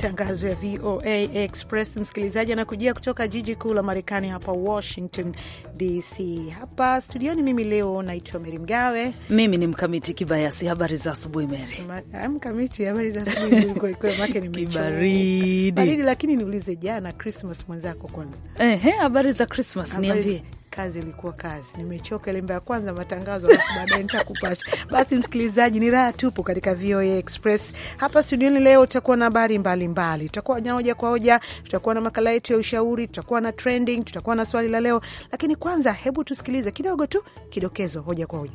Matangazo ya VOA Express msikilizaji anakujia kutoka jiji kuu la Marekani, hapa Washington DC. Hapa studioni mimi leo naitwa Meri Mgawe, mimi ni Mkamiti Kibayasi. Habari za asubuhi Meri. Ah, Mkamiti, habari za asubuhi. Kwake nimebaridi, lakini niulize jana Krismas mwenzako kwanza. Ehe, habari za Krismas niambie kazi ilikuwa kazi, nimechoka. Lemba ya kwanza matangazo, baadaye nitakupasha. Basi msikilizaji, ni raha tupu katika VOA Express hapa studioni. Leo tutakuwa na habari mbalimbali, tutakuwa na hoja kwa hoja, tutakuwa na makala yetu ya ushauri, tutakuwa na trending, tutakuwa na swali la leo. Lakini kwanza, hebu tusikilize kidogo tu kidokezo hoja kwa hoja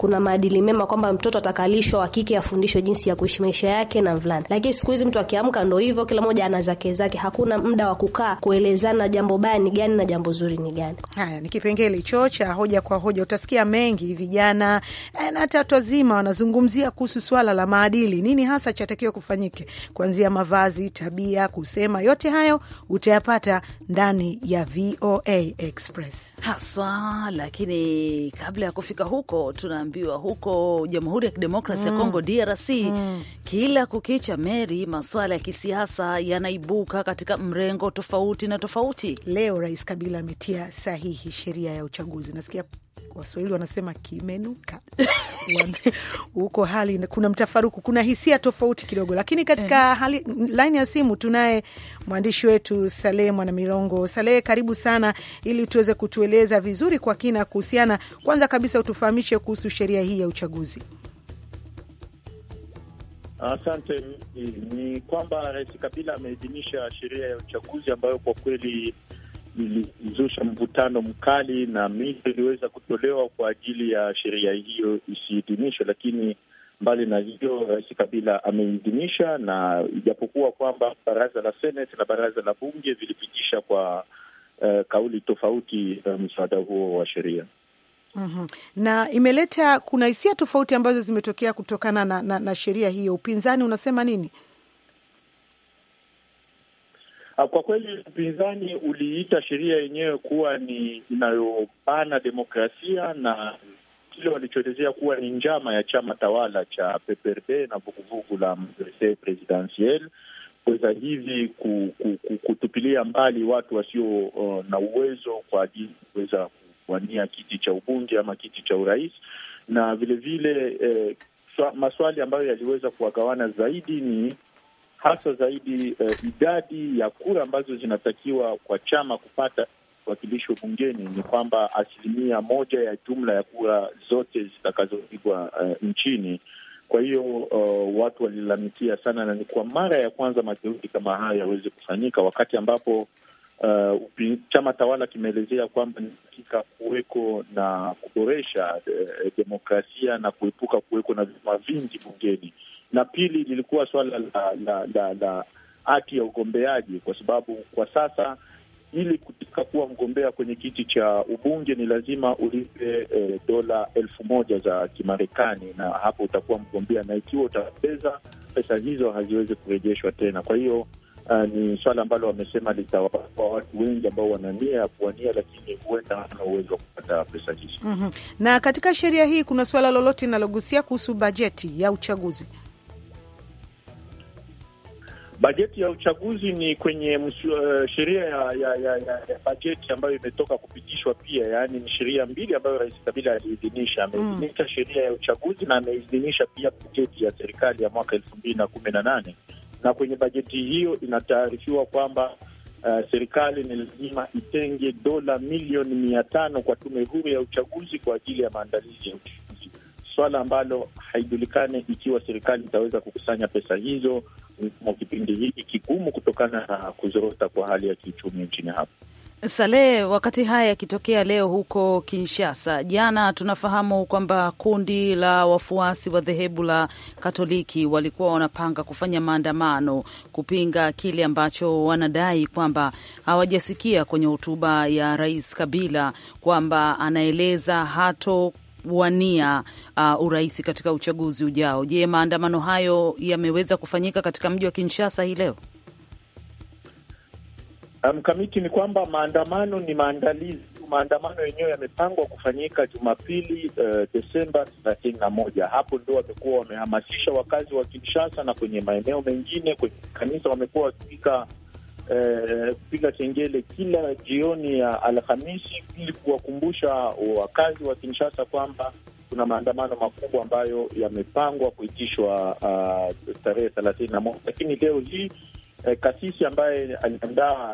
kuna maadili mema kwamba mtoto atakalishwa wa kike afundishwe jinsi ya kuishi maisha yake na mvulana. Lakini siku hizi mtu akiamka ndo hivyo, kila mmoja ana zake zake, hakuna muda wa kukaa kuelezana jambo baya ni gani na jambo zuri ni gani. Haya ni kipengele hicho cha hoja kwa hoja. Utasikia mengi vijana eh, na hata watu wazima wanazungumzia kuhusu swala la maadili, nini hasa chatakiwa kufanyike, kuanzia mavazi, tabia, kusema, yote hayo utayapata ndani ya VOA Express haswa. Lakini kabla ya kufika huko tuna tunaambiwa huko Jamhuri ya Kidemokrasi ya mm. Kongo DRC mm. kila kukicha Meri, masuala ya kisiasa yanaibuka katika mrengo tofauti na tofauti. Leo Rais Kabila ametia sahihi sheria ya uchaguzi, nasikia Waswahili wanasema kimenuka huko hali kuna mtafaruku, kuna hisia tofauti kidogo, lakini katika eh. hali laini ya simu tunaye mwandishi wetu Salehe Mwanamirongo. Salehe, karibu sana, ili tuweze kutueleza vizuri kwa kina kuhusiana, kwanza kabisa utufahamishe kuhusu sheria hii ya uchaguzi. Asante. Ni kwamba Rais Kabila ameidhinisha sheria ya uchaguzi ambayo kwa kweli ilizusha mvutano mkali na mito iliweza kutolewa kwa ajili ya sheria hiyo isiidhinishwe, lakini mbali na hiyo, Rais Kabila ameidhinisha, na ijapokuwa kwamba baraza la Seneti na baraza la bunge vilipitisha kwa uh, kauli tofauti uh, msaada huo wa sheria. Mm -hmm. Na imeleta kuna hisia tofauti ambazo zimetokea kutokana na, na, na sheria hiyo. Upinzani unasema nini? Ah, kwa kweli upinzani uliita sheria yenyewe kuwa ni inayobana demokrasia na kile walichoelezea kuwa ni njama ya chama tawala cha PPRD na vuguvugu la Mverse Presidentiel kuweza hivi ku, ku, ku, kutupilia mbali watu wasio uh, na uwezo kwa ajili ya kuweza kuwania kiti cha ubunge ama kiti cha urais, na vilevile vile, eh, maswali ambayo yaliweza kuwagawana zaidi ni hasa zaidi uh, idadi ya kura ambazo zinatakiwa kwa chama kupata wakilisho bungeni ni kwamba asilimia moja ya jumla ya kura zote zitakazopigwa uh, nchini. Kwa hiyo uh, watu walilalamikia sana, na ni kwa mara ya kwanza mageuzi kama haya yaweze kufanyika wakati ambapo uh, upi, chama tawala kimeelezea kwamba ni hakika kuweko na kuboresha uh, demokrasia na kuepuka kuweko na vyama vingi bungeni na pili lilikuwa swala la, la, la, la hati ya ugombeaji, kwa sababu kwa sasa ili kutaka kuwa mgombea kwenye kiti cha ubunge ni lazima ulipe e, dola elfu moja za Kimarekani, na hapo utakuwa mgombea, na ikiwa utapeza pesa hizo haziwezi kurejeshwa tena. Kwa hiyo uh, ni swala ambalo wamesema litawapa watu wengi ambao wana nia ya kuwania, lakini huenda ana uwezo wa kupata pesa hizo. mm -hmm. Na katika sheria hii kuna suala lolote linalogusia kuhusu bajeti ya uchaguzi? Bajeti ya uchaguzi ni kwenye uh, sheria ya, ya, ya, ya bajeti ambayo imetoka kupitishwa pia, yaani ni sheria mbili ambayo Rais Kabila aliidhinisha. Ameidhinisha mm, sheria ya uchaguzi na ameidhinisha pia bajeti ya serikali ya mwaka elfu mbili na kumi na nane na kwenye bajeti hiyo inataarifiwa kwamba uh, serikali ni lazima itenge dola milioni mia tano kwa tume huru ya uchaguzi kwa ajili ya maandalizi ya uchaguzi swala ambalo haijulikani ikiwa serikali itaweza kukusanya pesa hizo mwa kipindi hiki kigumu kutokana na kuzorota kwa hali ya kiuchumi nchini hapo. Salehe, wakati haya yakitokea leo huko Kinshasa, jana tunafahamu kwamba kundi la wafuasi wa dhehebu la Katoliki walikuwa wanapanga kufanya maandamano kupinga kile ambacho wanadai kwamba hawajasikia kwenye hotuba ya Rais Kabila kwamba anaeleza hato kuwania uh, urais katika uchaguzi ujao. Je, maandamano hayo yameweza kufanyika katika mji wa Kinshasa hii leo? Ah, Mkamiti, um, ni kwamba maandamano ni maandalizi. Maandamano yenyewe yamepangwa kufanyika Jumapili, uh, Desemba thelathini na moja. Hapo ndo wamekuwa wamehamasisha wakazi wa Kinshasa na kwenye maeneo mengine, kwenye kanisa wamekuwa wakiwika Eh, kupiga eh, kengele kila jioni ya Alhamisi ili kuwakumbusha wakazi wa Kinshasa kwamba kuna maandamano makubwa ambayo yamepangwa kuitishwa uh, tarehe thelathini na moja, lakini leo hii eh, kasisi ambaye aliandaa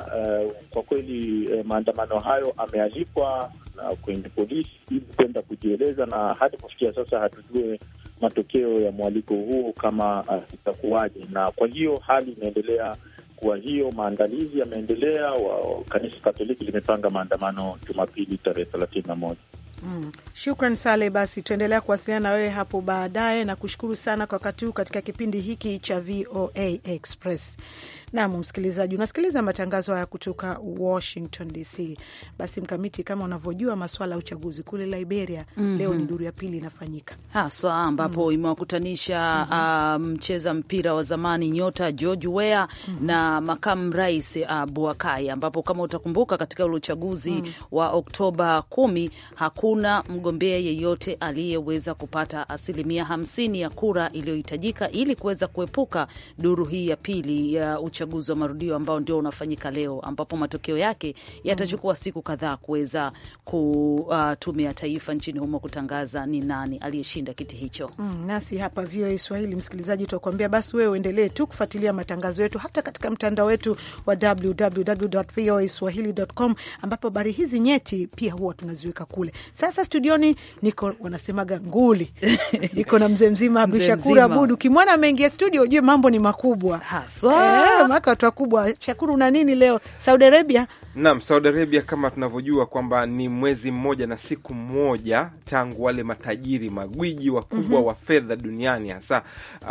uh, kwa kweli eh, maandamano hayo amealikwa uh, kwenye polisi ili kwenda kujieleza, na hadi kufikia sasa hatujue matokeo ya mwaliko huo kama uh, itakuwaje, na kwa hiyo hali inaendelea kwa hiyo maandalizi yameendelea. Kanisa Katoliki limepanga maandamano Jumapili tarehe thelathini na moja. Mm. Shukran Sale, basi tuendelea kuwasiliana na wewe hapo baadaye, na kushukuru sana kwa wakati huu katika kipindi hiki cha VOA Express. Nam msikilizaji, unasikiliza matangazo haya kutoka Washington DC. Basi Mkamiti, kama unavyojua maswala ya uchaguzi kule Liberia mm -hmm. leo ni duru ya pili inafanyika haswa ambapo mm -hmm. imewakutanisha mcheza mm -hmm. Uh, mcheza mpira wa zamani nyota George Weah mm -hmm. na makamu rais uh, Boakai, ambapo kama utakumbuka katika ule uchaguzi mm -hmm. wa Oktoba kumi hakuna mgombea yeyote aliyeweza kupata asilimia hamsini ya kura iliyohitajika ili kuweza kuepuka duru hii ya pili ya uchaguzi uchaguzi wa marudio ambao ndio unafanyika leo, ambapo matokeo yake yatachukua siku kadhaa kuweza tume ya taifa nchini humo kutangaza ni nani aliyeshinda kiti hicho. Mm, nasi hapa VOA Swahili msikilizaji, tutakuambia basi, wewe uendelee tu kufuatilia matangazo yetu hata katika mtandao wetu wa www.voaswahili.com ambapo habari hizi nyeti pia huwa tunaziweka kule. Sasa studioni niko wanasemaga nguli niko na mzee mzima Abdu Shakur Abud. Ukimwona ameingia studio ujue mambo ni makubwa haswa. Eh, wanawake watu wakubwa. Shakuru, na nini leo? Saudi Arabia Naam, Saudi Arabia kama tunavyojua kwamba ni mwezi mmoja na siku moja tangu wale matajiri magwiji wakubwa mm -hmm. wa fedha duniani hasa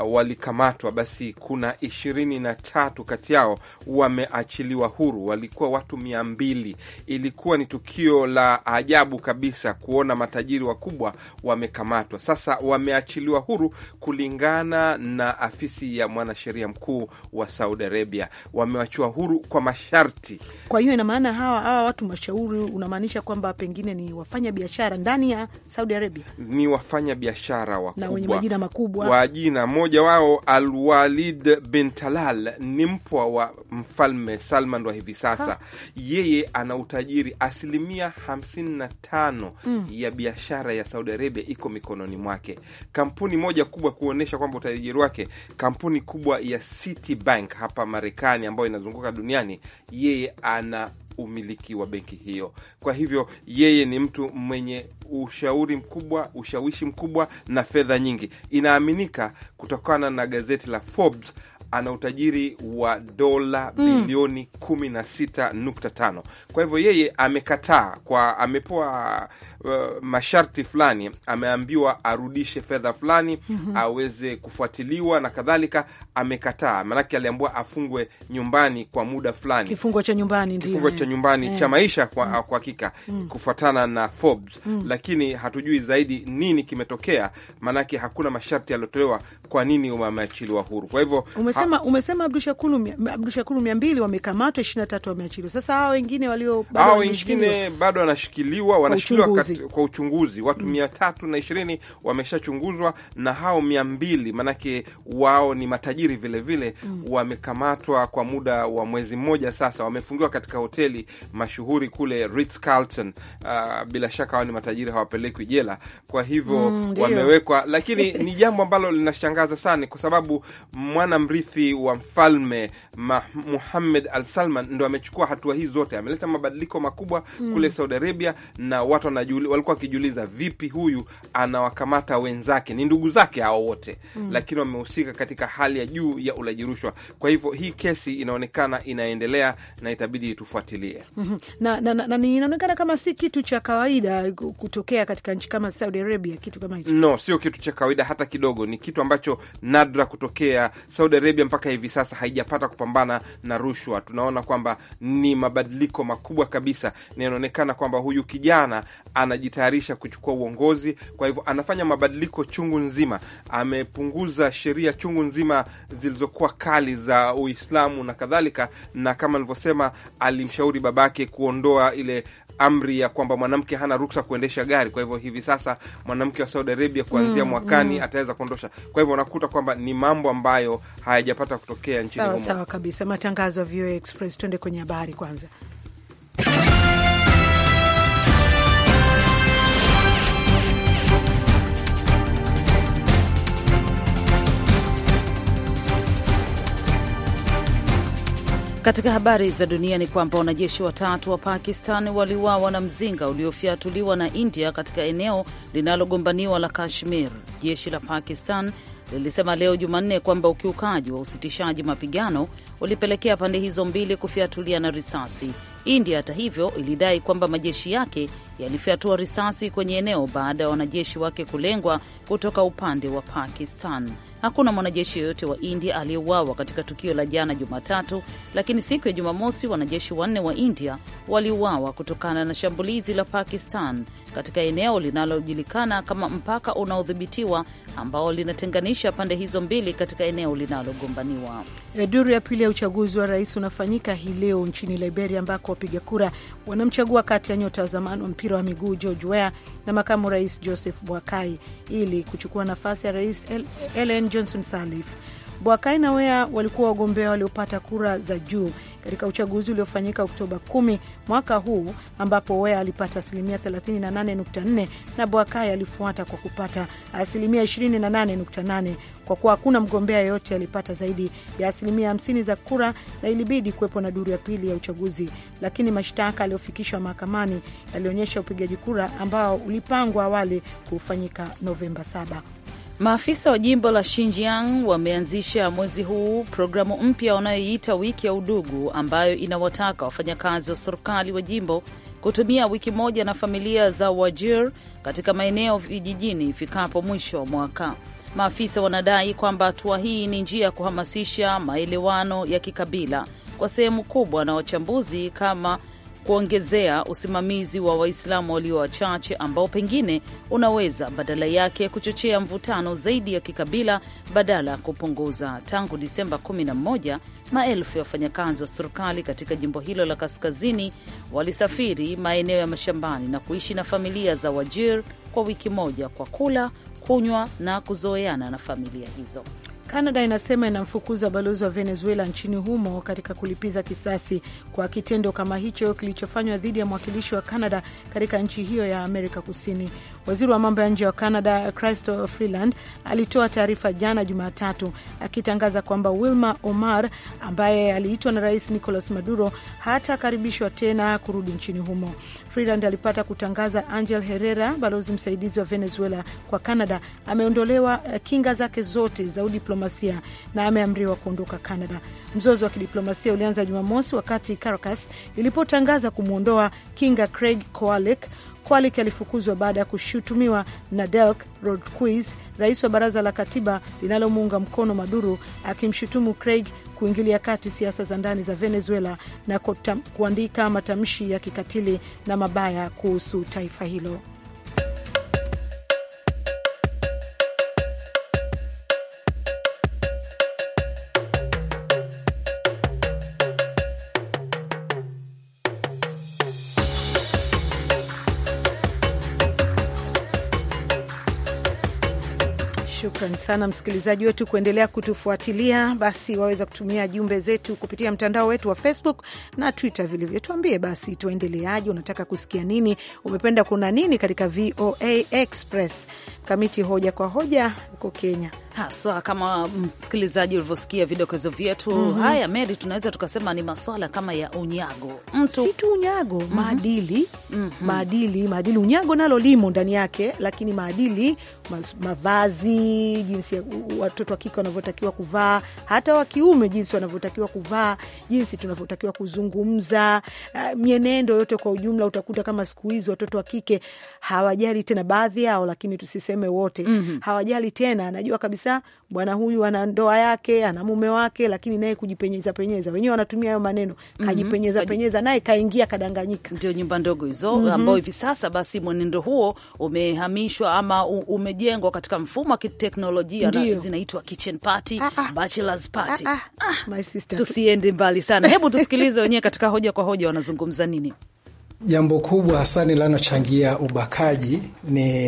uh, walikamatwa. Basi kuna ishirini na tatu kati yao wameachiliwa huru, walikuwa watu mia mbili. Ilikuwa ni tukio la ajabu kabisa kuona matajiri wakubwa wamekamatwa. Sasa wameachiliwa huru, kulingana na afisi ya mwanasheria mkuu wa Saudi Arabia, wamewachiwa huru kwa masharti. Kwa hiyo ina maana hawa hawa watu mashauri, unamaanisha kwamba pengine ni wafanya biashara ndani ya Saudi Arabia, ni wafanya biashara wakubwa na wenye majina makubwa. jina. mmoja wao Alwalid bin Talal ni mpwa wa mfalme Salman wa hivi sasa ha. Yeye ana utajiri asilimia 55 mm. ya biashara ya Saudi Arabia iko mikononi mwake. Kampuni moja kubwa kuonyesha kwamba utajiri wake, kampuni kubwa ya Citibank hapa Marekani ambayo inazunguka duniani, yeye ana umiliki wa benki hiyo. Kwa hivyo yeye ni mtu mwenye ushauri mkubwa, ushawishi mkubwa na fedha nyingi. Inaaminika kutokana na gazeti la Forbes ana utajiri wa dola mm. bilioni 16.5. Kwa hivyo yeye amekataa kwa amepoa uh, masharti fulani, ameambiwa arudishe fedha fulani mm -hmm. aweze kufuatiliwa na kadhalika, amekataa. Maanake aliambiwa afungwe nyumbani kwa muda fulani, kifungo cha nyumbani, kifungo cha nyumbani yeah. cha maisha kwa mm. hakika mm. mm. kufuatana na Forbes mm. lakini hatujui zaidi nini kimetokea, maanake hakuna masharti yaliyotolewa kwa nini wameachiliwa huru. Kwa hivyo umesema, ha... umesema Abdushakuru mia mbili wamekamatwa, ishirini na tatu wameachiliwa. Sasa hawa wengine walio, bado wanashikiliwa, wanashikiliwa kwa uchunguzi watu mia tatu na ishirini wameshachunguzwa na hao mia mbili maanake wao ni matajiri vilevile vile, mm. wamekamatwa kwa muda wa mwezi mmoja sasa, wamefungiwa katika hoteli mashuhuri kule Ritz Carlton. Uh, bila shaka wao ni matajiri, hawapelekwi jela, kwa hivyo mm, wamewekwa, lakini ni jambo ambalo linashangaza sana kwa sababu mwana mrithi wa mfalme Muhammad Al Salman ndo amechukua hatua hii zote, ameleta mabadiliko makubwa mm, kule Saudi Arabia na watu wanajiuliza walikuwa wakijiuliza vipi huyu anawakamata wenzake, ni ndugu zake hao wote mm. Lakini wamehusika katika hali ya juu ya ulaji rushwa. Kwa hivyo hii kesi inaonekana inaendelea na itabidi tufuatilie mm -hmm. na, na, na, na inaonekana kama si kitu cha kawaida kutokea katika nchi kama Saudi Arabia, kitu kama hicho. No, sio kitu cha kawaida hata kidogo, ni kitu ambacho nadra kutokea. Saudi Arabia mpaka hivi sasa haijapata kupambana na rushwa. Tunaona kwamba ni mabadiliko makubwa kabisa na inaonekana kwamba huyu kijana anajitayarisha kuchukua uongozi. Kwa hivyo anafanya mabadiliko chungu nzima, amepunguza sheria chungu nzima zilizokuwa kali za Uislamu na kadhalika, na kama alivyosema, alimshauri babake kuondoa ile amri ya kwamba mwanamke hana ruksa kuendesha gari. Kwa hivyo hivi sasa mwanamke wa Saudi Arabia kuanzia mm, mwakani mm, ataweza kuondosha. Kwa hivyo unakuta kwamba ni mambo ambayo hayajapata kutokea nchini humo. Sawa kabisa. Matangazo ya VOA Express, tuende kwenye habari kwanza. Katika habari za dunia ni kwamba wanajeshi watatu wa Pakistan waliuawa na mzinga uliofyatuliwa na India katika eneo linalogombaniwa la Kashmir. Jeshi la Pakistan lilisema leo Jumanne kwamba ukiukaji wa usitishaji mapigano ulipelekea pande hizo mbili na risasi India hata hivyo ilidai kwamba majeshi yake yalifyatua risasi kwenye eneo baada ya wanajeshi wake kulengwa kutoka upande wa Pakistan. Hakuna mwanajeshi yoyote wa India aliyeuawa katika tukio la jana Jumatatu, lakini siku ya Jumamosi wanajeshi wanne wa India waliuawa kutokana na shambulizi la Pakistan katika eneo linalojulikana kama mpaka unaodhibitiwa ambao linatenganisha pande hizo mbili katika eneo linalogombaniwa. Duru ya pili ya uchaguzi wa rais unafanyika hii leo nchini Liberia ambako wapiga kura wanamchagua kati ya nyota wa zamani wa mpira wa miguu George Weah na makamu rais Joseph Boakai ili kuchukua nafasi ya rais Ellen Johnson Sirleaf. Boakai na Wea walikuwa wagombea waliopata kura za juu katika uchaguzi uliofanyika Oktoba 10 mwaka huu, ambapo Wea alipata asilimia 38.4 na Boakai alifuata kwa kupata asilimia 28.8. Kwa kuwa hakuna mgombea yeyote alipata zaidi ya asilimia 50 za kura, na ilibidi kuwepo na duru ya pili ya uchaguzi, lakini mashtaka yaliyofikishwa mahakamani yalionyesha upigaji kura ambao ulipangwa awali kufanyika Novemba 7. Maafisa wa jimbo la Xinjiang wameanzisha mwezi huu programu mpya wanayoiita wiki ya udugu, ambayo inawataka wafanyakazi wa serikali wa jimbo kutumia wiki moja na familia za Wajir katika maeneo vijijini ifikapo mwisho wa mwaka. Maafisa wanadai kwamba hatua hii ni njia ya kuhamasisha maelewano ya kikabila kwa sehemu kubwa, na wachambuzi kama kuongezea usimamizi wa Waislamu walio wachache ambao pengine unaweza badala yake kuchochea mvutano zaidi ya kikabila badala ya kupunguza. Tangu Disemba 11 maelfu ya wafanyakazi wa serikali katika jimbo hilo la kaskazini walisafiri maeneo ya mashambani na kuishi na familia za Wajir kwa wiki moja kwa kula, kunywa na kuzoeana na familia hizo. Kanada inasema inamfukuza balozi wa Venezuela nchini humo katika kulipiza kisasi kwa kitendo kama hicho kilichofanywa dhidi ya mwakilishi wa Kanada katika nchi hiyo ya Amerika Kusini. Waziri wa mambo ya nje wa Canada christo Freeland alitoa taarifa jana Jumatatu akitangaza kwamba Wilma Omar ambaye aliitwa na Rais Nicolas Maduro hatakaribishwa tena kurudi nchini humo. Freeland alipata kutangaza Angel Herrera, balozi msaidizi wa Venezuela kwa Canada, ameondolewa eh, kinga zake zote za udiplomasia na ameamriwa kuondoka Canada. Mzozo wa kidiplomasia ulianza Jumamosi wakati Caracas ilipotangaza kumwondoa kinga Craig Coalic Kwalik alifukuzwa baada ya kushutumiwa na Delk Rodquis, rais wa baraza la katiba linalomuunga mkono Maduro, akimshutumu Craig kuingilia kati siasa za ndani za Venezuela na kuandika matamshi ya kikatili na mabaya kuhusu taifa hilo. Shukran sana msikilizaji wetu kuendelea kutufuatilia. Basi waweza kutumia jumbe zetu kupitia mtandao wetu wa Facebook na Twitter vilivyo. Tuambie basi tuendeleaje, unataka kusikia nini? Umependa kuna nini katika VOA Express? Kamiti hoja kwa hoja huko Kenya haswa kama msikilizaji ulivyosikia vidokezo vyetu. mm -hmm. Haya, Meri, tunaweza tukasema ni maswala kama ya unyago, mtu si tu unyago. mm -hmm. Maadili, mm -hmm. maadili, maadili, unyago nalo limo ndani yake, lakini maadili mavazi, jinsi watoto wa kike wanavyotakiwa kuvaa, hata wa kiume jinsi wanavyotakiwa kuvaa, jinsi tunavyotakiwa kuzungumza, uh, mienendo yote kwa ujumla. Utakuta kama siku hizi watoto wa kike hawajali tena, baadhi yao, lakini tusiseme wote, mm -hmm. hawajali tena, anajua kabisa kabisa bwana huyu ana ndoa yake, ana mume wake, lakini naye kujipenyeza penyeza, wenyewe wanatumia hayo maneno mhm. kajipenyeza mm -hmm. penyeza, naye kaingia kadanganyika. Ndio nyumba ndogo hizo mm -hmm. ambao hivi sasa basi mwenendo huo umehamishwa ama umejengwa katika mfumo wa kiteknolojia na zinaitwa kitchen party, ah, ah. bachelors party. Ah, my sister, tusiende mbali sana, hebu tusikilize wenyewe katika hoja kwa hoja wanazungumza nini. Jambo kubwa hasa linalochangia ubakaji ni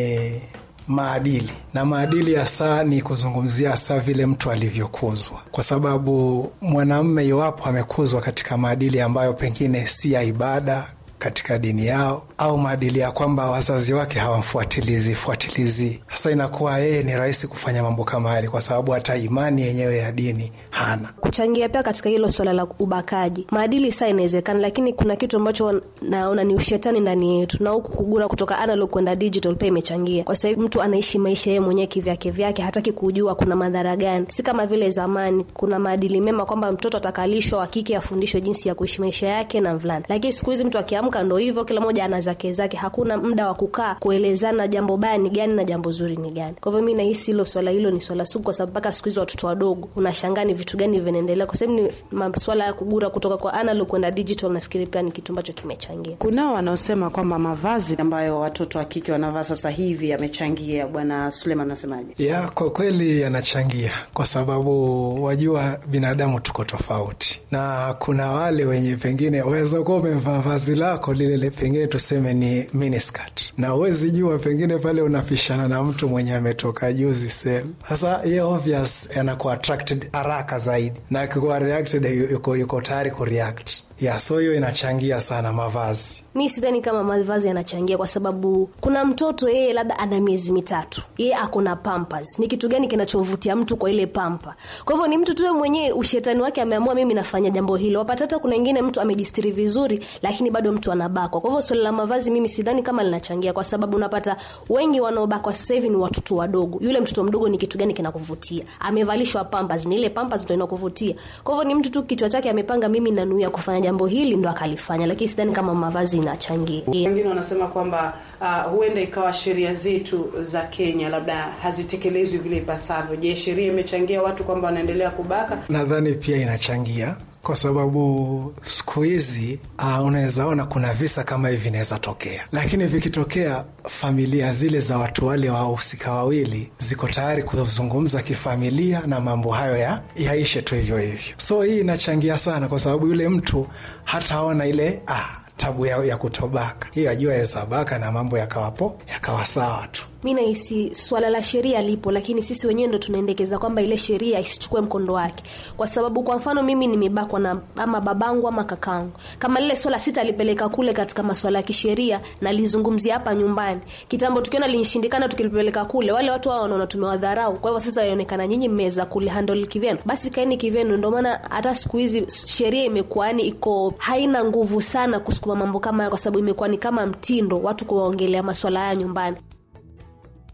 maadili, na maadili hasa ni kuzungumzia hasa vile mtu alivyokuzwa, kwa sababu mwanamme iwapo amekuzwa katika maadili ambayo pengine si ya ibada katika dini yao au maadili ya kwamba wazazi wake hawamfuatilizi fuatilizi. Sasa inakuwa yeye ni rahisi kufanya mambo kama yale, kwa sababu hata imani yenyewe ya dini hana. Kuchangia pia katika hilo swala la ubakaji, maadili saa inawezekana, lakini kuna kitu ambacho naona ni ushetani ndani yetu, na huku kugura kutoka analog kwenda digital pia imechangia, kwa sababu mtu anaishi maisha yeye mwenyewe kivyake vyake, hataki kujua kuna madhara gani. Si kama vile zamani kuna maadili mema kwamba mtoto atakalishwa wa kike afundishwe jinsi ya kuishi maisha yake na mvulana, lakini siku hizi mtu akiamua tunaamka ndo hivyo, kila mmoja ana zake zake, hakuna muda wa kukaa kuelezana jambo baya ni gani na jambo zuri ni gani. Kwa hivyo mi nahisi hilo swala hilo ni swala sugu, kwa sababu mpaka siku hizi watoto wadogo unashangaa ni vitu gani vinaendelea, kwa sababu ni maswala ya kugura kutoka kwa analog kwenda digital. Nafikiri pia ni kitu ambacho kimechangia. Kunao wanaosema kwamba mavazi ambayo watoto wa kike wanavaa sasa hivi yamechangia. Bwana Suleiman, unasemaje? Ya, kwa kweli yanachangia, kwa sababu wajua binadamu tuko tofauti, na kuna wale wenye pengine waweza kuwa umevaa vazi lao lako lile le pengine tuseme ni miniskirt, na uwezi jua, pengine pale unapishana na mtu mwenye ametoka juzi sehemu. Sasa ye obvious anakuwa attracted haraka zaidi, na akikuwa reacted yuko, yuko tayari kureact ya so hiyo inachangia sana mavazi. Mi sidhani kama mavazi yanachangia, kwa sababu kuna mtoto yeye labda ana miezi mitatu, yeye ako na pampas. Ni kitu gani kinachovutia mtu kwa ile pampa? Kwa hivyo ni mtu tu mwenyewe, ushetani wake ameamua, mimi nafanya jambo hilo. Wapata hata kuna wengine mtu amejistiri vizuri, lakini bado mtu anabakwa. Kwa hivyo swala la mavazi mimi sidhani kama linachangia, kwa sababu unapata wengi wanaobakwa sasa hivi ni watoto wadogo. Yule mtoto mdogo, ni kitu gani kinakuvutia? Amevalishwa pampas, ni ile pampas ndio inakuvutia. Kwa hivyo ni mtu tu kichwa chake amepanga, mimi nanuia kufanya jambo hili ndo akalifanya, lakini sidhani kama mavazi inachangia. Wengine wanasema kwamba uh, huenda ikawa sheria zetu za Kenya labda hazitekelezwi vile ipasavyo. Je, sheria imechangia watu kwamba wanaendelea kubaka? Nadhani pia inachangia kwa sababu siku hizi uh, unaweza ona kuna visa kama hivi vinaweza tokea, lakini vikitokea, familia zile za watu wale wahusika wawili ziko tayari kuzungumza kifamilia na mambo hayo ya yaishe tu hivyo hivyo. So hii inachangia sana, kwa sababu yule mtu hataona ile ah, tabu ya, ya kutobaka hiyo, ajua yaweza baka na mambo yakawapo yakawa sawa tu mi nahisi swala la sheria lipo, lakini sisi wenyewe ndo tunaendekeza kwamba ile sheria isichukue mkondo wake, kwa sababu kwa mfano mimi nimebakwa na ama babangu ama kakangu, kama lile swala sitalipeleka kule katika maswala ya kisheria na lizungumzia hapa nyumbani kitambo, tukiona linishindikana, tukilipeleka kule, wale watu hao wanaona tumewadharau. Kwa hivyo sasa yaonekana nyinyi mmeweza kulihandle kivyenu, basi kaeni kivyenu. Ndo maana hata siku hizi sheria imekuwa ni yaani iko haina nguvu sana kusukuma mambo kama haya, kwa sababu imekuwa ni kama mtindo watu kuwaongelea maswala haya nyumbani.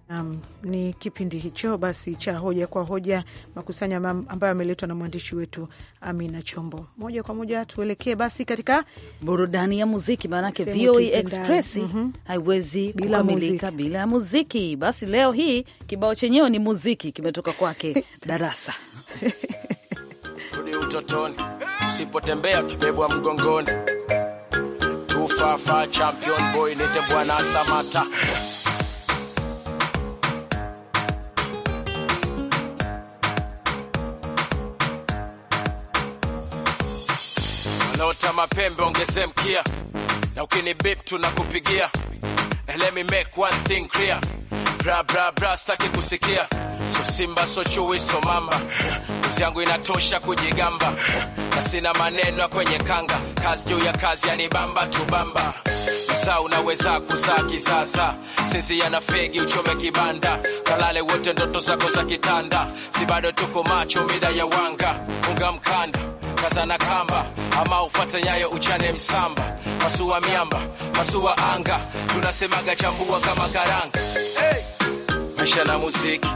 Um, ni kipindi hicho basi cha hoja kwa hoja, makusanya ambayo ameletwa na mwandishi wetu Amina Chombo. Moja kwa moja tuelekee basi katika burudani ya muziki, maanake VOA e Express mm -hmm. haiwezi kukamilika bila ya muziki. Basi leo hii kibao chenyewe ni muziki, kimetoka kwake Darasa. Rudi utotoni, usipotembea utabebwa mgongoni. Tufafa champion boy, nite Bwana Samata naota mapembe ongeze mkia na ukini bip tunakupigia. Eh, let me make one thing clear, bra bra bra, staki kusikia so simba so chui so mamba, uzi yangu inatosha kujigamba na sina maneno kwenye kanga, kazi juu ya kazi yani bamba tu bamba sasa unaweza kusaa kisasa, sisi yana fegi uchome kibanda, kalale wote ndoto zako za kitanda, si bado tuko macho mida ya wanga, funga mkanda kazana kamba, ama ufate nyayo uchane msamba, masuwa miamba, masuwa anga, tunasemaga chambua kama karanga. Hey! Maisha na muziki,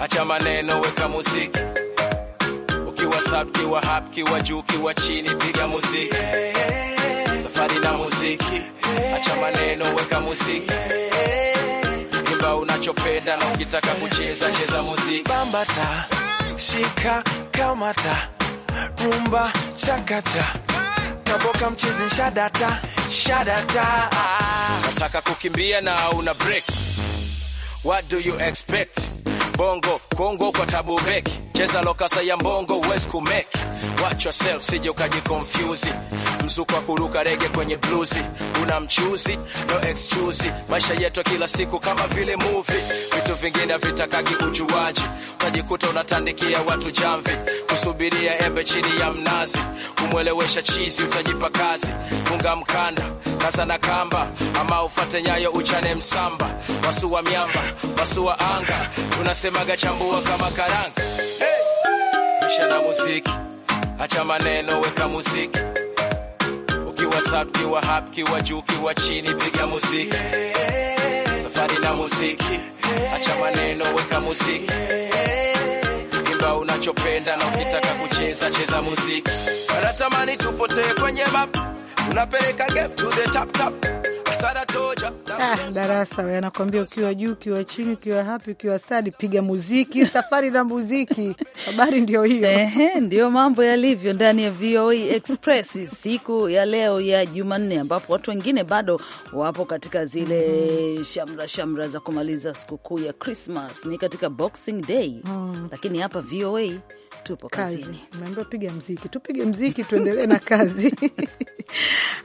acha maneno, weka muziki, ukiwa sub, kiwa hap, kiwa juu, kiwa chini, piga muziki. Safari na muziki, acha maneno, weka muziki Imba unachopenda na ukitaka kucheza, cheza muziki, bambata, shika, kamata rumba chakacha kaboka mchizi shadata shadata, nataka kukimbia na una break, what do you expect? Bongo Kongo kwa tabu beki, cheza lokasa ya mbongo, huwezi kumeki watch yourself, sije ukaji confuse. Mzuko wa kuruka rege kwenye bluzi, una mchuzi no excuse. Maisha yetu kila siku kama vile movie, vitu vingine vitakagi ujuaji, utajikuta unatandikia watu jamvi, kusubiria embe chini ya mnazi, kumwelewesha chizi, utajipa kazi, funga mkanda kasa na kamba, ama ufate nyayo uchane msamba, wa miamba, wa anga, tunasemaga chambua kama karanga, hey! Maisha na muziki Acha maneno, weka muziki. Ukiwa sub, kiwa hap, kiwa juu, kiwa chini, piga muziki. Safari na muziki. Acha maneno, weka muziki. Imba unachopenda na ukitaka kucheza, cheza muziki. Wanatamani tupotee kwenye map. Tunapeleka game to the tap tap. Ah, darasa anakwambia ukiwa juu, ukiwa chini, ukiwa hapi, ukiwa sadi, piga muziki, safari na muziki. Habari ndio hiyo. Ehe, ndio mambo yalivyo ndani ya VOA e Express siku ya leo ya Jumanne, ambapo watu wengine bado wapo katika zile mm -hmm. shamra shamra za kumaliza sikukuu ya Christmas, ni katika Boxing Day mm. Lakini hapa VOA e tupo kazini. Umeambiwa piga mziki, tupige mziki tuendelee na kazi.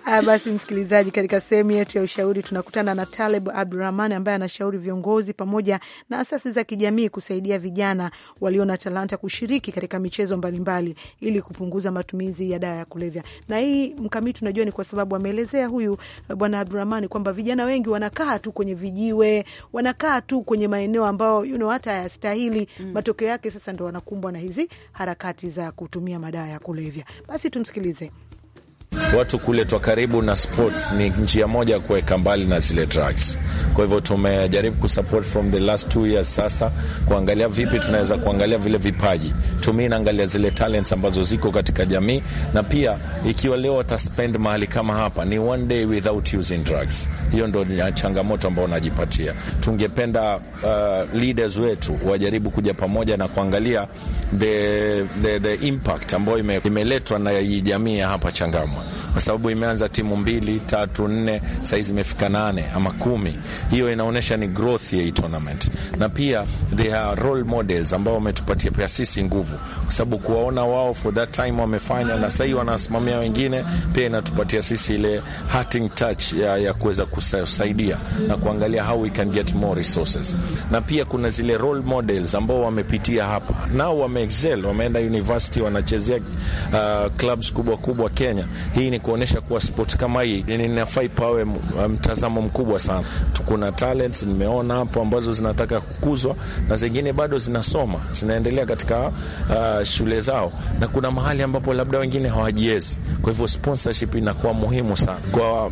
Haya basi, msikilizaji, katika sehemu yetu ya ushauri tunakutana na Taleb Abdurahman ambaye anashauri viongozi pamoja na asasi za kijamii kusaidia vijana walio na talanta kushiriki katika michezo mbalimbali ili kupunguza matumizi ya dawa ya kulevya. Na hii mkamiti, tunajua ni kwa sababu ameelezea huyu eh, bwana Abdurahman kwamba vijana wengi wanakaa tu kwenye vijiwe, wanakaa tu kwenye maeneo ambayo you know, hata hayastahili. Mm. Matokeo yake sasa ndo wanakumbwa na hizi harakati za kutumia madawa ya kulevya. Basi tumsikilize watu kuletwa karibu na sports ni njia moja ya kuweka mbali na zile drugs. Kwa hivyo tumejaribu kusupport from the last two years sasa kuangalia vipi tunaweza kuangalia vile vipaji, tumi naangalia zile talents ambazo ziko katika jamii, na pia ikiwa leo wataspend mahali kama hapa ni one day without using drugs. Hiyo ndo changamoto ambayo unajipatia. Tungependa uh, leaders wetu wajaribu kuja pamoja na kuangalia the, the, the impact ambayo imeletwa na hii jamii ya hapa Changamwe kwa sababu imeanza timu mbili tatu nne, sahizi imefika nane ama kumi. Hiyo inaonyesha ni growth ya hii tournament, na pia they are role models ambao wametupatia pia sisi nguvu, kwa sababu kuwaona wao for that time wamefanya na sahii wanasimamia wengine, pia inatupatia sisi ile hurting touch ya, ya kuweza kusaidia na kuangalia how we can get more resources, na pia kuna zile role models ambao wamepitia hapa nao wameexcel, wameenda university, wanachezea uh, clubs kubwa kubwa Kenya hii ni kuonyesha kuwa spoti kama hii inafai pawe um, mtazamo mkubwa sana. tukuna talents nimeona hapo ambazo zinataka kukuzwa na zingine bado zinasoma zinaendelea katika uh, shule zao, na kuna mahali ambapo labda wengine hawajiwezi. Kwa hivyo sponsorship inakuwa muhimu sana kwa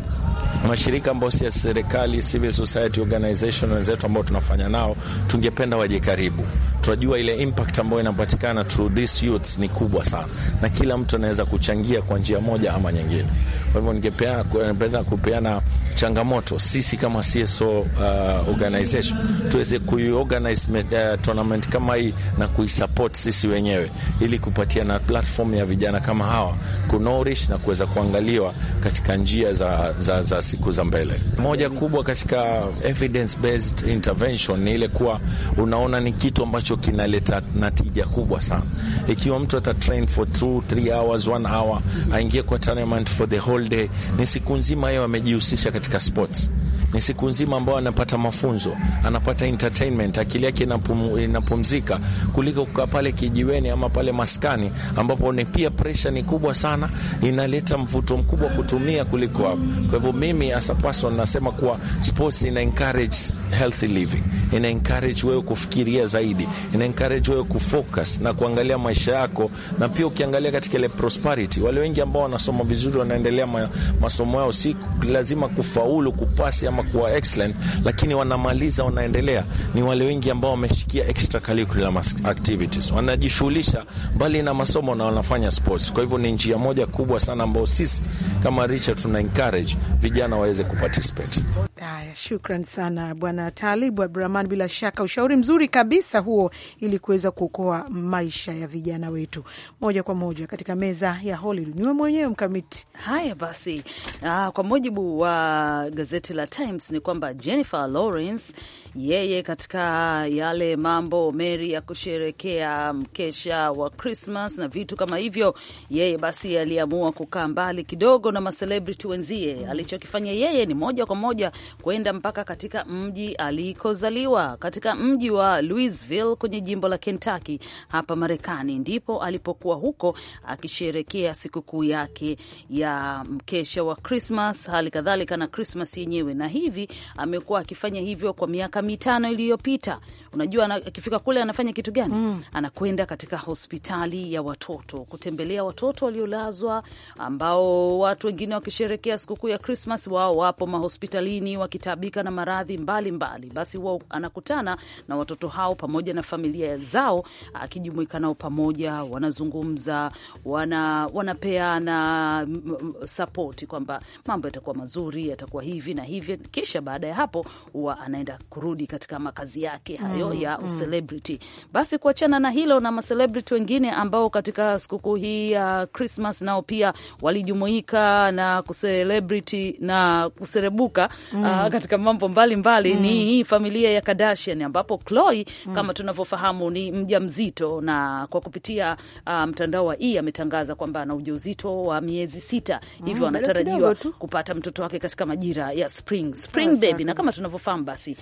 mashirika ambayo si ya serikali, civil society organization wenzetu ambao tunafanya nao, tungependa waje karibu. Tunajua ile impact ambayo inapatikana through these youths ni kubwa sana, na kila mtu anaweza kuchangia kwa njia moja ama nyingine. Kwa hivyo ningependa kupeana changamoto sisi kama CSO uh, organization tuweze kuiorganize uh, tournament kama hii na kuisupport sisi wenyewe, ili kupatia na platform ya vijana kama hawa kunourish na kuweza kuangaliwa katika njia za, za, za siku za mbele. Moja kubwa katika evidence based intervention ni ile kuwa unaona ni kitu ambacho kinaleta natija kubwa sana. Ikiwa mtu ata train for two, three hours, one hour aingie kwa tournament for the whole day, ni siku nzima hiyo amejihusisha katika Práticas sports ni siku nzima ambayo anapata mafunzo, anapata entertainment, akili yake inapum, inapumzika kuliko kukaa pale kijiweni ama pale maskani ambapo ni pia pressure ni kubwa sana, inaleta mvuto mkubwa kutumia kuliko hapo. Kwa hivyo mimi as a person nasema kuwa sports ina encourage healthy living, ina encourage wewe kufikiria zaidi, ina encourage wewe kufocus na kuangalia maisha yako, na pia ukiangalia katika ile prosperity, wale wengi ambao wanasoma vizuri wanaendelea ma, masomo yao si lazima kufaulu kupasi ama kusoma kuwa excellent, lakini wanamaliza wanaendelea, ni wale wengi ambao wameshikia extracurricular activities, wanajishughulisha mbali na masomo na wanafanya sports. Kwa hivyo ni njia moja kubwa sana ambao sisi kama Richard tuna encourage vijana waweze kuparticipate. Haya, shukran sana Bwana talibu Abdurahman. Bila shaka ushauri mzuri kabisa huo, ili kuweza kuokoa maisha ya vijana wetu. Moja kwa moja katika meza ya Hollywood, niwe mwenyewe Mkamiti. Haya basi, aa, kwa mujibu wa gazeti la Times ni kwamba Jennifer Lawrence yeye katika yale mambo meri ya kusherekea mkesha wa Christmas na vitu kama hivyo, yeye basi aliamua kukaa mbali kidogo na maselebriti wenzie. Alichokifanya yeye ni moja kwa moja kwenda mpaka katika mji alikozaliwa katika mji wa Louisville kwenye jimbo la Kentucky hapa Marekani. Ndipo alipokuwa huko akisherekea sikukuu yake ya mkesha wa Krismas, hali kadhalika na Krismas yenyewe, na hivi amekuwa akifanya hivyo kwa miaka mitano iliyopita. Unajua, akifika kule anafanya kitu gani? Mm. Anakwenda katika hospitali ya watoto kutembelea watoto waliolazwa, ambao watu wengine wakisherekea sikukuu ya Krismas, wao wapo mahospitalini wa wakitaabika na maradhi mbalimbali, basi huwa anakutana na watoto hao pamoja na familia zao, akijumuika nao pamoja, wanazungumza, wana, wanapeana sapoti kwamba mambo yatakuwa mazuri, yatakuwa hivi na hivi. Kisha baada ya hapo huwa anaenda kurudi katika makazi yake hayo mm, ya mm. Basi kuachana na hilo na macelebrity wengine ambao katika sikukuu hii ya uh, Christmas nao pia walijumuika na kucelebrity na kuserebuka mm. uh, Mm. katika mambo mbalimbali mbali, mm. ni familia ya Kardashian ambapo Khloe mm. kama tunavyofahamu ni mjamzito na kwa kupitia uh, mtandao wa E ametangaza kwamba ana ujauzito wa miezi sita mm. hivyo anatarajiwa kupata mtoto wake katika majira ya spring spring baby, na kama tunavyofahamu basi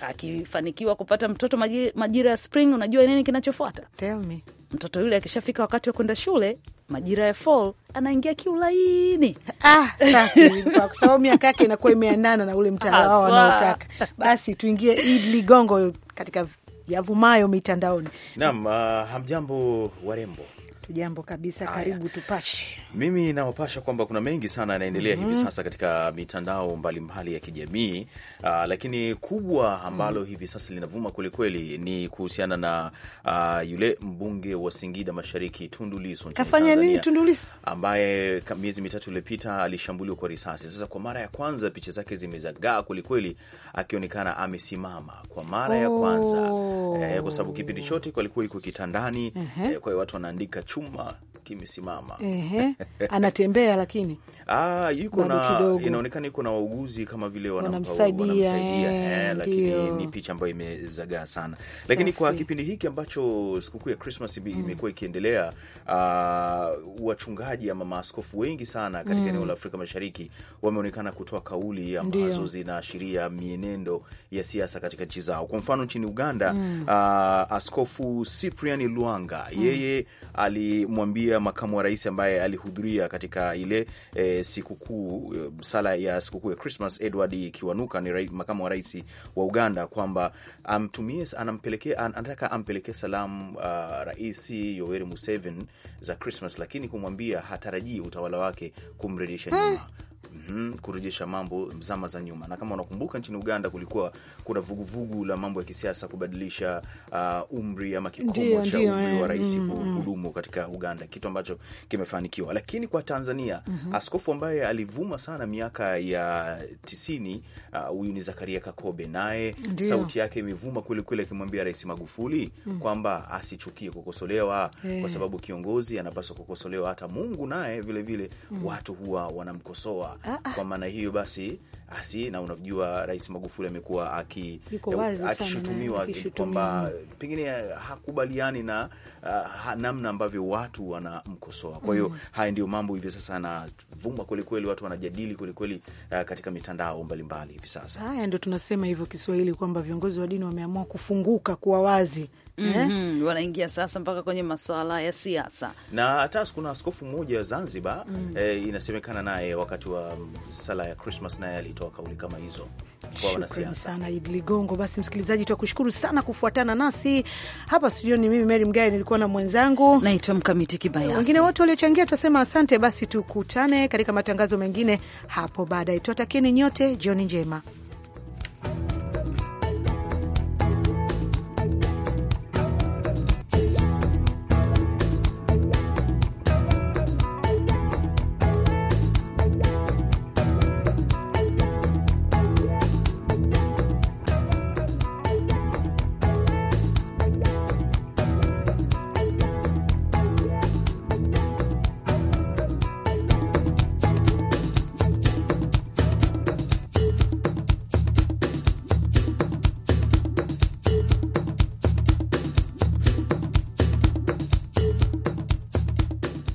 akifanikiwa kupata mtoto majira ya spring, unajua nini kinachofuata? Tell me mtoto yule akishafika wakati wa kwenda shule majira ya fall anaingia kiulaini ah, kwa sababu miaka yake inakuwa imeandana na ule mtandao wao wanaotaka. Basi tuingie Id Ligongo katika yavumayo mitandaoni. Naam, uh, hamjambo warembo Tujambo kabisa, karibu tupashe. Mimi naopasha kwamba kuna mengi sana yanaendelea mm -hmm. hivi mhm. sasa katika mitandao mbalimbali mbali ya kijamii uh, lakini kubwa ambalo mm -hmm. hivi sasa linavuma kwelikweli ni kuhusiana na uh, yule mbunge wa Singida Mashariki Tundu Lissu kafanya nini Tundu Lissu, ambaye miezi mitatu iliyopita alishambuliwa kwa risasi. Sasa kwa mara ya kwanza picha zake zimezagaa kwelikweli, akionekana amesimama kwa mara oh. ya kwanza oh. eh, kwa sababu kipindi chote alikuwa iko kitandani mm -hmm. eh, kwa hiyo watu wanaandika chuma kimesimama. Ehe, anatembea lakini ah, yuko na inaonekana yuko na wauguzi kama vile wanamsaidia, wanamsaidia. Eh, lakini ni picha ambayo imezagaa sana lakini Safi. Kwa kipindi hiki ambacho sikukuu ya Christmas mm. imekuwa ikiendelea, uh, wachungaji ama maaskofu wengi sana katika mm. eneo mm. la Afrika Mashariki wameonekana kutoa kauli ambazo zinaashiria mienendo ya siasa katika nchi zao. Kwa mfano nchini Uganda mm. uh, Askofu Cyprian Lwanga mm. yeye alimwambia kumzungumzia makamu wa rais ambaye alihudhuria katika ile e, sikukuu eh, sala ya sikukuu ya Christmas, Edward Kiwanuka ni rai, makamu wa rais wa Uganda, kwamba amtumie anampelekea anataka ampelekee salamu uh, rais Yoweri Museveni za Christmas, lakini kumwambia hatarajii utawala wake kumrejesha nyuma mm -hmm, kurejesha mambo zama za nyuma. Na kama unakumbuka, nchini Uganda kulikuwa kuna vuguvugu la mambo ya kisiasa kubadilisha uh, umri ama kikomo cha umri wa eh, rais mm -hmm. katika Uganda, kitu ambacho kimefanikiwa. Lakini kwa Tanzania mm -hmm. askofu ambaye alivuma sana miaka ya tisini uh, huyu uh, ni Zakaria Kakobe, naye sauti yake imevuma kwelikweli, akimwambia Rais Magufuli mm -hmm. kwamba asichukie kukosolewa yeah. kwa sababu kiongozi anapaswa kukosolewa. Hata Mungu naye vilevile mm -hmm. watu huwa wanamkosoa Ah, ah. Kwa maana hiyo basi asi ah, na unajua, Rais Magufuli amekuwa akishutumiwa kwamba pengine hakubaliani na uh, namna ambavyo watu wanamkosoa. Kwa hiyo mm, haya ndio mambo hivi sasa anavuma kwelikweli, watu wanajadili kwelikweli uh, katika mitandao mbalimbali hivi sasa. Haya ndio tunasema hivyo Kiswahili kwamba viongozi wa dini wameamua kufunguka, kuwa wazi mm -hmm. Wanaingia sasa mpaka kwenye maswala ya siasa, na hata kuna askofu mmoja wa Zanzibar mm -hmm. eh, inasemekana naye wakati wa mm, sala ya Krismas naye alitoa kauli kama hizo kwa sana. Idi Ligongo, basi msikilizaji, tuakushukuru sana kufuatana nasi hapa studioni. Mimi Meri Mgae nilikuwa na mwenzangu naitwa Mkamiti Kibayasi, wengine wote waliochangia tunasema asante. Basi tukutane katika matangazo mengine hapo baadaye. twatakieni nyote jioni njema.